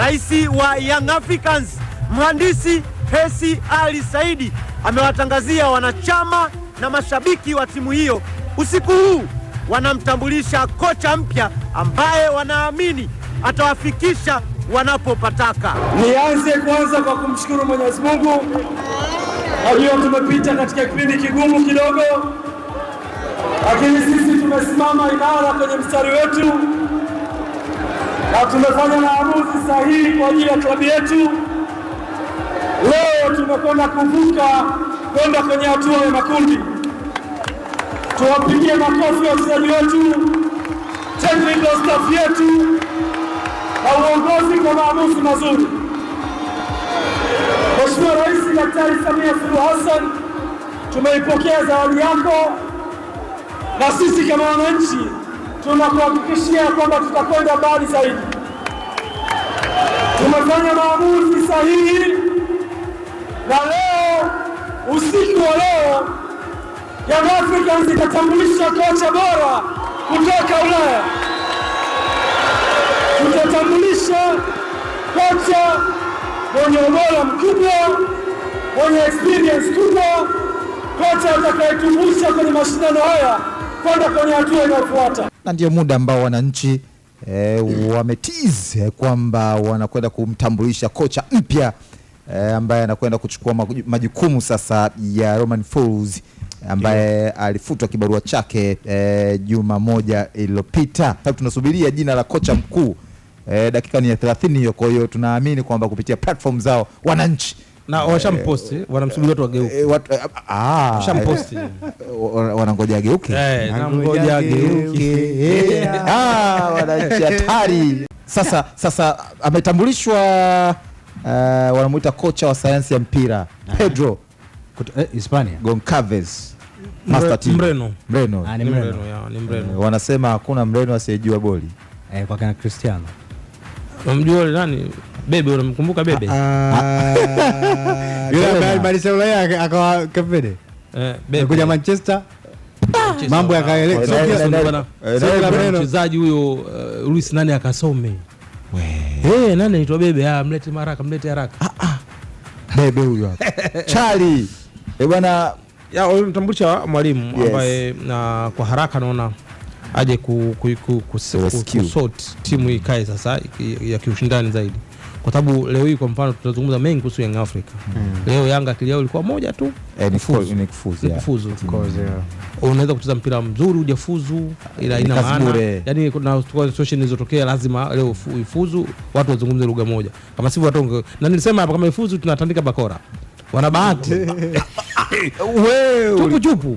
Rais wa Young Africans Mhandisi Hesi Ali Saidi amewatangazia wanachama na mashabiki wa timu hiyo usiku huu wanamtambulisha kocha mpya ambaye wanaamini atawafikisha wanapopataka. Nianze kwanza kwa kumshukuru Mwenyezi Mungu. Najua tumepita katika kipindi kigumu kidogo, lakini sisi tumesimama imara kwenye mstari wetu na tumefanya maamuzi sahihi kwa ajili ya klabu yetu. Leo tumekwenda kuvuka kwenda kwenye hatua ya makundi. Tuwapigie makofi ya wachezaji wetu, technical staff yetu na uongozi kwa maamuzi mazuri. Mheshimiwa Rais Daktari Samia Suluhu Hassan, tumeipokea zawadi yako na sisi kama wananchi tunakuhakikishia kwamba tutakwenda mbali zaidi. Tumefanya maamuzi sahihi, na leo usiku wa leo Young Africans itatambulisha kocha bora kutoka Ulaya. Tutatambulisha kocha mwenye ubora mkubwa, mwenye experience kubwa, kocha atakayetumbusha kwenye mashindano haya kwenda kwenye hatua inayofuata na ndio muda ambao wananchi e, wametize kwamba wanakwenda kumtambulisha kocha mpya e, ambaye anakwenda kuchukua majukumu sasa ya Romain Folz ambaye yeah. alifutwa kibarua chake e, juma moja iliyopita. Sasa tunasubiria jina la kocha mkuu e, dakika ni ya 30 hiyo. Kwa hiyo tunaamini kwamba kupitia platform zao wananchi na eh, washamposti eh, wanamsubiri watu wageuke eh, ah, ah, washamposti wanangoja ageuke nangoja ageuke ah, wananchi hatari sasa sasa ametambulishwa uh, wanamuita kocha wa sayansi ya mpira pedro Kutu, eh, hispania goncaves mreno mreno wanasema hakuna mreno asiyejua boli eh, kwa kana cristiano namjua nani Bebe unamkumbuka Bebe? Ah, Yule Barcelona yake akawa Kevede. Eh, Kuja Manchester. Mambo yakaeleka. Eh, Mchezaji huyo eh, Luis nani akasome. Wewe. Eh, nani aitwa Bebe? Ah, mlete maraka mlete haraka. Ah ah. Bebe huyo hapa. Chali. Eh, bwana ya mtambulisha mwalimu ambaye na kwa haraka naona aje kusort timu ikae sasa ya kiushindani zaidi kwa sababu leo hii kwa mfano tutazungumza mengi kuhusu Young Africa mm. Leo Yanga akili yao ilikuwa moja tu eh, kufuzu, ni kufuzu, yeah. kufuzu. Hmm. Yeah. Unaweza kucheza mpira mzuri ujafuzu ila ina maana yani, kuna situation zilizotokea lazima leo ifuzu, watu wazungumze lugha moja, kama sivyo watu na nilisema hapa, kama ifuzu tunatandika bakora wana bahati chupu chupu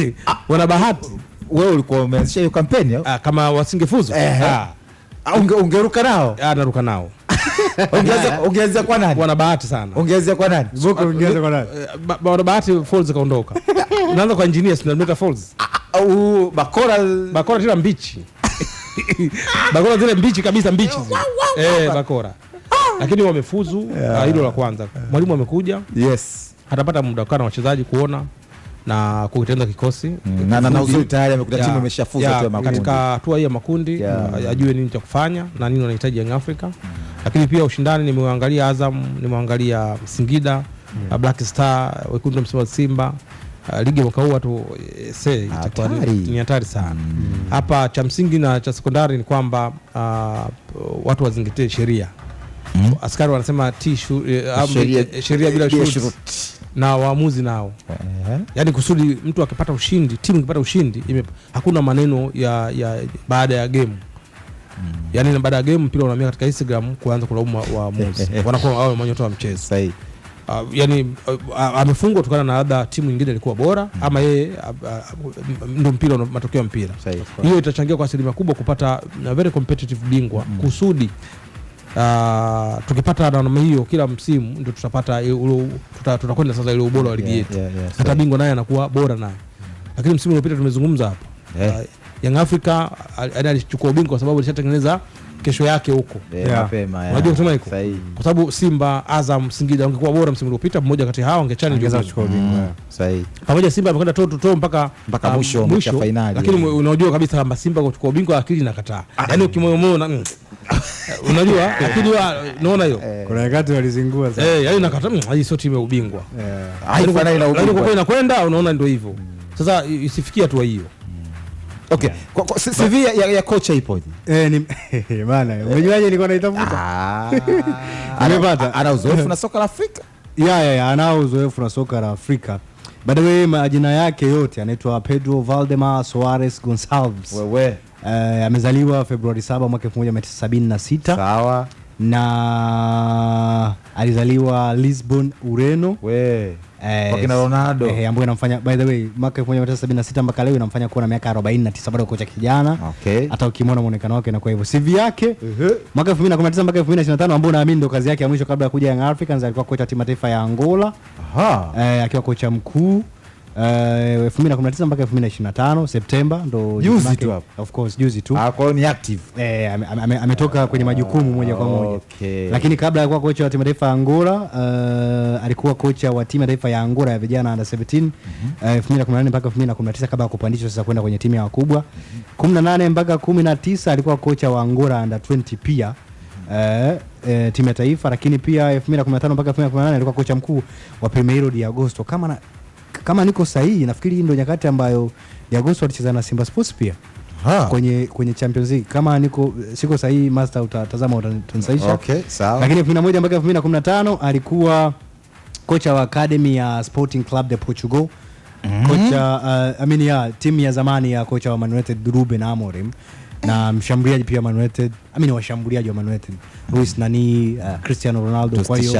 wana bahati. Wewe ulikuwa umeanzisha hiyo kampeni ah, kama wasingefuzu, ah. Ah, ungeruka nao, naruka nao ongeza kwa nani? Wana bahati sana. Ongeza kwa nani? Boko ongeza kwa nani? Eh, wana bahati Falls kaondoka. Unaanza kwa engineer si meta Falls. Au ah, ah, uh, bakora bakora tena mbichi. bakora zile mbichi kabisa mbichi. Eh, eh bakora. Ah. Lakini wamefuzu Hilo la kwanza. Mwalimu amekuja. Yes. Atapata muda kwa na wachezaji kuona na kutengeneza kikosi mm. na, na uzuri tayari amekuta timu imeshafuzu tu katika hatua hii ya makundi, ajue nini cha kufanya na nini wanahitaji Young Africa mm lakini pia ushindani nimeangalia Azam, nimeangalia Singida, yeah. Mm. Uh, Black Star, wekundu msimbazi Simba Uh, ligi mwaka huu watu eh, ni hatari sana mm. hapa mm. Cha msingi na cha sekondari ni kwamba uh, watu wazingatie sheria mm. Askari wanasema ti eh, eh, sheria bila shuruti na waamuzi nao uh-huh. Yani kusudi mtu akipata ushindi, timu ikipata ushindi ime, hakuna maneno ya, ya baada ya gemu Mm. yani baada ya game mpira unaamia katika Instagram kuanza kulaumu waamuzi, wanakuwa wao manyota wa mchezo sahihi. Uh, ah, yani uh, ah, ah, amefungwa kutokana na labda timu nyingine ilikuwa bora mm. ama yeye ndio mpira matokeo ya mpira hiyo itachangia kwa asilimia kubwa kupata very competitive bingwa mm. kusudi uh, tukipata namna hiyo kila msimu ndio tutapata tutakwenda sasa ile ubora wa ligi yetu yeah, yeah, yeah, hata bingwa naye anakuwa bora naye mm. lakini msimu uliopita tumezungumza hapo yeah. Eh. uh, Young Africa alichukua ubingwa kwa sababu alishatengeneza kesho yake huko mapema, yeah. Unajua kusema iko kwa sababu Simba, Azam, Singida wangekuwa bora msimu uliopita, mmoja kati hao angechani ndio kuchukua ubingwa mm. sahihi. Pamoja Simba amekwenda to to mpaka mpaka um, mwisho mpaka finali, lakini unajua kabisa kwamba Simba kuchukua ubingwa akili inakataa, ah. yaani ukimoyo moyo na unajua lakini wa naona hiyo eh. kuna wakati walizingua sana eh, yaani nakataa mm, hii sio timu ya ubingwa eh, inakwenda unaona ndio hivyo mm. sasa, isifikie hatua hiyo. Okay. yeah. CV ya, ya kocha ipoje? Eh, ni bana. Eh, umejuaje nilikuwa naitafuta? Ah. Amepata. Ana uzoefu na soka la Afrika? Ya ya ya, ana uzoefu na soka la Afrika. By the majina yake yote anaitwa Pedro Valdemar Soares gonsalves Wewe. Eh, amezaliwa Februari 7 mwaka 1976. Sawa na alizaliwa Lisbon, Ureno. Eh, wakina Ronaldo eh, ambayo inamfanya by the way mwaka sita mpaka leo inamfanya kuwa na miaka 49, bado kocha kijana. Okay. Hata ukimwona mwonekano wake inakuwa hivyo. sivi yake uh -huh. mwaka tisa mpaka tano ambao naamini ndo kazi yake ya mwisho kabla ya kuja Young Africans, alikuwa kocha timu taifa ya Angola. Eh, akiwa kocha mkuu Eh, elfu mbili na kumi na tisa mpaka elfu mbili na ishirini na tano Septemba ndo juzi tu hapo. Of course juzi tu. Ah, kwa hiyo ni active. Eh, ametoka ame kwenye majukumu moja kwa moja. Okay. Lakini kabla ya kuwa kocha wa timu taifa ya Angola, uh, alikuwa kocha wa timu taifa ya Angola ya vijana under 17 mhm. eh, elfu mbili na kumi na nane mpaka elfu mbili na kumi na tisa kabla ya kupandishwa sasa kwenda kwenye timu ya wakubwa. Mhm. kumi na nane mpaka kumi na tisa alikuwa kocha wa Angola under 20 pia. Uh, uh, timu ya taifa lakini pia 2015 mpaka 2018 alikuwa kocha mkuu wa Premier League ya Agosto kama na, kama niko sahihi, nafikiri hii ndio nyakati ambayo Jaguars alicheza na Simba Sports pia ha. Kwenye, kwenye Champions League kama niko siko sahihi, master utatazama utanisaisha. Okay, sawa. Lakini moja mpaka 2015 alikuwa kocha wa academy ya Sporting Club de Portugal mm -hmm. Kocha uh, I mean ya timu ya zamani ya kocha wa Man United Ruben Amorim na mshambuliaji pia Man United, I mean washambuliaji wa Man United Luis nani, uh, Cristiano Ronaldo. Kwa hiyo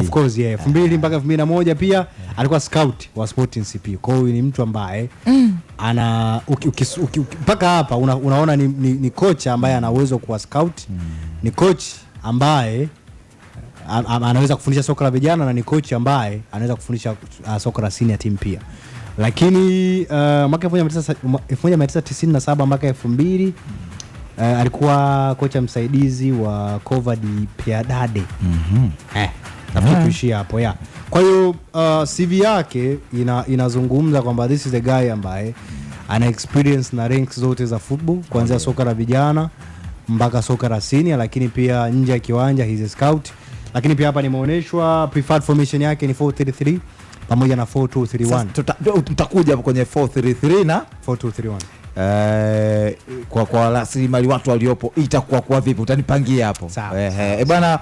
of course yeah, 2000 mpaka 2001 pia alikuwa scout wa Sporting CP. Kwa hiyo ni mtu ambaye mm. ana mpaka hapa una, unaona ni, ni, ni kocha ambaye ana uwezo kuwa scout mm. Ni coach ambaye anaweza kufundisha soka la vijana na ni kochi ambaye anaweza kufundisha uh, soka la senior team pia lakini uh, mwaka 1997 mwaka 2000 uh, alikuwa kocha msaidizi wa Covad Piadade mm -hmm. eh, yeah. tuishie hapo ya kwa hiyo uh, CV yake ina, inazungumza kwamba this is a guy ambaye ana experience na ranks zote za football kuanzia okay. soka la vijana mpaka soka la sinia lakini pia nje ya kiwanja he's scout. Lakini pia hapa nimeonyeshwa preferred formation yake ni 433 pamoja na 4231. Tutakuja kwenye 433 na 4231. Eh, kwa kwa rasilimali watu waliopo itakuwa kwa vipi? Utanipangia hapo. Eh, bwana